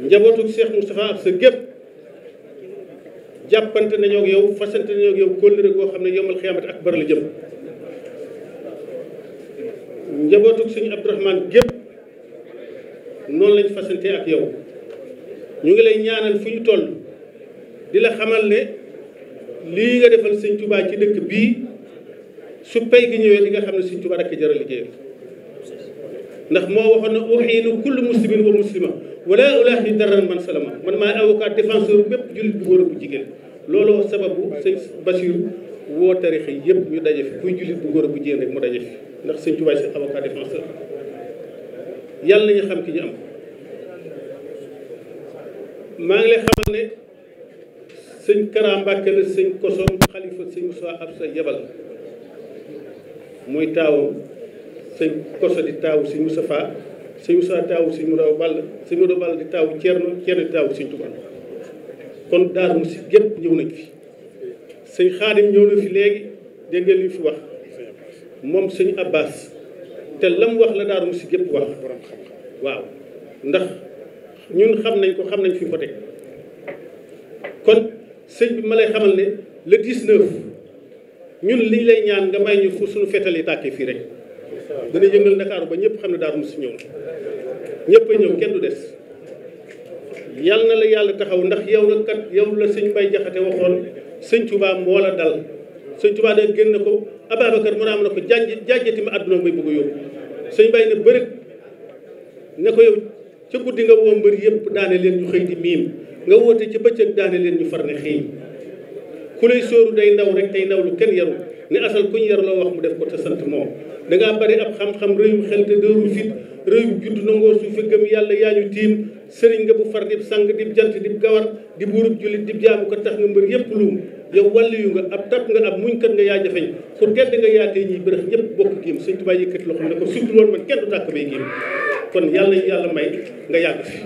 njabootu Cheikh Moustapha ak sa gépp jàppante nañoo ak yow fasante nañoo ak yow kóllëre goo xam ne yomal xiyaamat ak bar la jëm njabootu suñu Abdourahmane gépp noonu lañ fasante ak yow ñu ngi lay ñaanal fu ñu toll di la xamal ne lii nga defal sëñ Touba ci dëkk bii su pay gi ñëwee di nga xam ne sëñ Touba rekk jaral liggéeyal ndax moo waxoon ne uxiinu kullu muslimin wa muslima wala ulaahi daran man salama man maay avocat défenseur bépp jullit bu jigéen looloo sababu sëñ woo tarixa yëpp ñu daje fi bu góor bu jigéen rek ndax sëñ Tuubaa si avocat défenseur maa ngi lay xamal ne sëñ Kara Mbàkke la sëñ Kosom xalifa sëñ Moussa Absa yebal muy taawam sëñ Koso di taawu sëñ Moustapha sëñ Moustapha taawu sëñ Mouraw Ball sëñ Mouraw Ball di taawu Thierno Thierno di taawu sëñ Touba kon Daaru Muxti gépp ñëw nañ fi sëñ Xaadim ñëw na fi léegi dégg ngeen fi wax moom sëñ Abbas te lam wax la Daaru Muxti gépp wax waaw ndax ñun xam nañ ko xam nañ fi ko teg kon sëñ bi ma lay xamal ne le 19 ñun liñ lay ñaan nga may ñu fu suñu fetal yi tàkkee fii rek dana yëngal Ndakaaru ba ñëpp xam ne Darou si ñëw ñëpp ñëw kenn du des yàlla na la yàlla taxaw ndax yow la kat yow la sëñ Mbay Jaxate waxoon sëñ Tuubaa moo la dal sëñ Tuubaa da génn ko Ababacar mu am na ko janj janjati ma àdduna may bëgg a yóbbu sëñ Mbay ne bërëg ne ko yow ca nga woo mbër yëpp daane leen ñu xëy di miim nga woote ci bëccëg daane leen ñu far ne xëy ku lay sóoru day ndaw rek tey ndaw lu kenn yaru ne asal kuñ yar loo wax mu def ko te sant danga ngaa bari ab xam-xam réyum xel te dëru fit réyum judd nangoo suufe gëm yàlla yaa ñu tiim sëriñ nga bu far dib sang dib jant dib gawar di buurub jullit dib jaamu ko tax nga mbër yëpp luum yow wàlliyu nga ab tap nga ab muñkat nga yaa jafeñ ku tedd nga yaatee ñiy bërëx ñëpp bokk géem sëñ Tuubaa yëkkati loo xam ne ko surtout loolu ma kenn du tàkk bay géem kon yàlla yàlla may nga yàgg fi